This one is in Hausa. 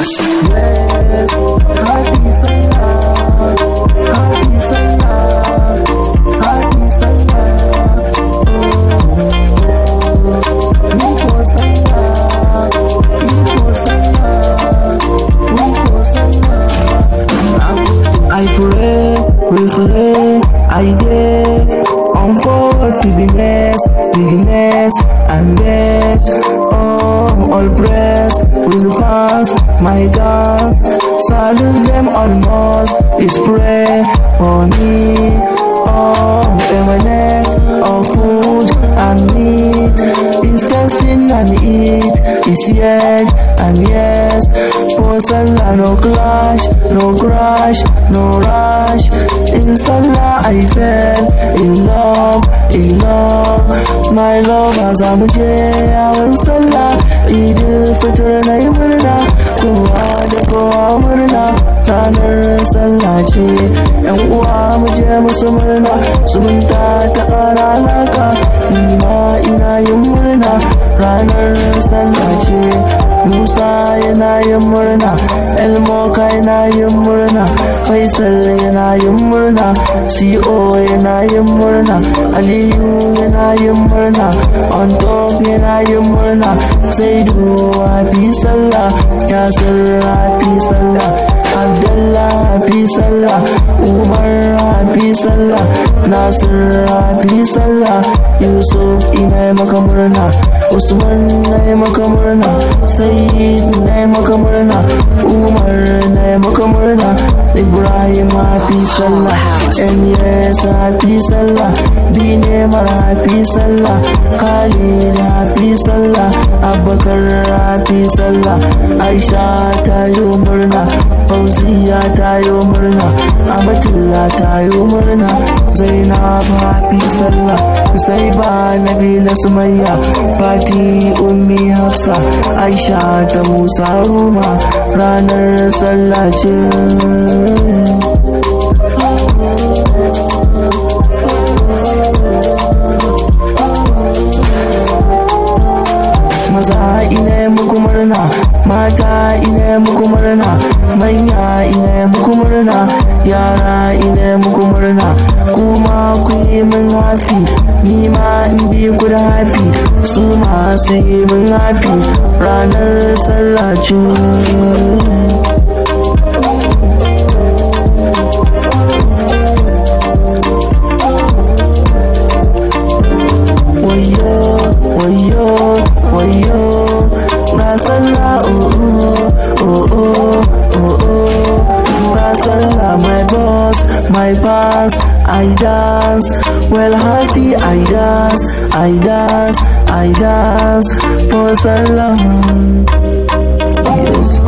I pray, we pray, I dare on forward to be blessed, be blessed and blessed. Oh, all blessed with the my God. Salute them almost It's pray me, Oh, m my s oh, food and need. I'm eat, is yet and yes. For Salah, no clash, no crash, no rush. In Salah, I fell in love, in love. My love has a mujaya, when Salah, fitr na yi murna. Kowa da kowa murna, ranar Salah ce. Yan uwa mu je musu murna, zumunta ta ƙara alaka. Musa yana yin murna Elmoka yana yin murna Faisal yana yin murna CO e yana yin murna Aliyu yana yin murna Ontof yana yin murna Saidu fi sallah Yasir fi sallah Abdullah fi sallah Umar rafi sallah nasir sallah yusuf ina maka murna usman na maka murna sayyid na maka murna umar na maka murna ibrahim hafi sallah yes hafi sallah dinemar hafi sallah khalid hafi sallah abubakar hafi sallah aisha ta yi murna fauziya ta yi murna Abatilla ta yi murna Zainab hafi sallah sai ba Nabila Sumayya Fati Ummi Hafsa Aisha ta Musa Ruma ranar sallah ce maza ina muku murna mata ina muku murna manya ina muku murna yara ina muku murna kuma ku yi min hafi ni ma in bi ku da hafi su ma su yi min hafi ranar sallah my past. I dance, well happy. I dance, I dance, I dance for so